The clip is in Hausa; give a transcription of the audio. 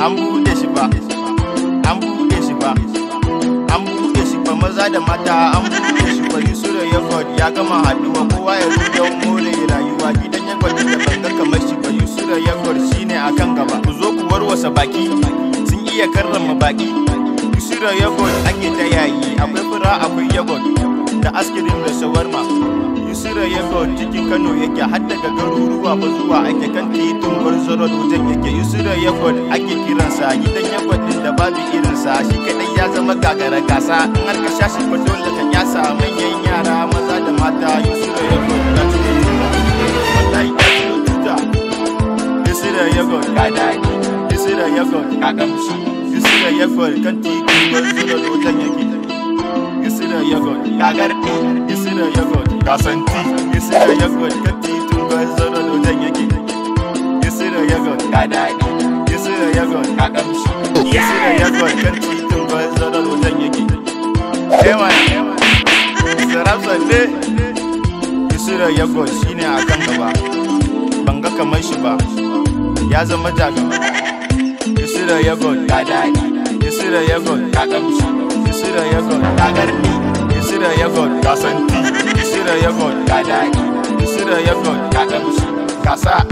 an buɗe shi ba an buɗe shi ba an buɗe shi ba maza da mata an buɗe shi ba yusuf da yafod ya gama haɗuwa kowa ya zo don more rayuwa gidan yafod da banga kamar shi ba yusuf da yafod shine akan gaba ku zo ku warwasa baki sun iya karrama baki yusuf da yafod ake ta yayi akwai fura akwai yagod da askirin da shawarma yabo cikin kano yake har daga garuruwa ba zuwa ake kan titin gwarzo wajen yake yusura airport ake kiransa gidan yabo din da babu irinsa shi kadai ya zama gagara gasa in har ka sha shi ba dole ka yasa manyan yara maza da mata yusura yabo ta cikin wallahi ta cikin tuta yusura airport ka daɗi yusura airport ka gamshi yusura yabo kan titin gwarzo wajen yake yusura airport ka garɗi yusura airport ka santi Yisira yagon ka titin bazara lojan yake Yisira yagon ka daɗi Yisira yagon ka ƙamshi Yisira yagon ka titin bazara lojan yake Ewa Sarab sanne Yisira yagon shine a kan gaba Ban ga kamar shi ba Ya zama jagaba Yisira yagon ka daɗi Yisira yagon ka ƙamshi Yisira yagon ka garni Yisira yagon ka santi Yisira yagon adai sida yɛ dɔ kata musu kasa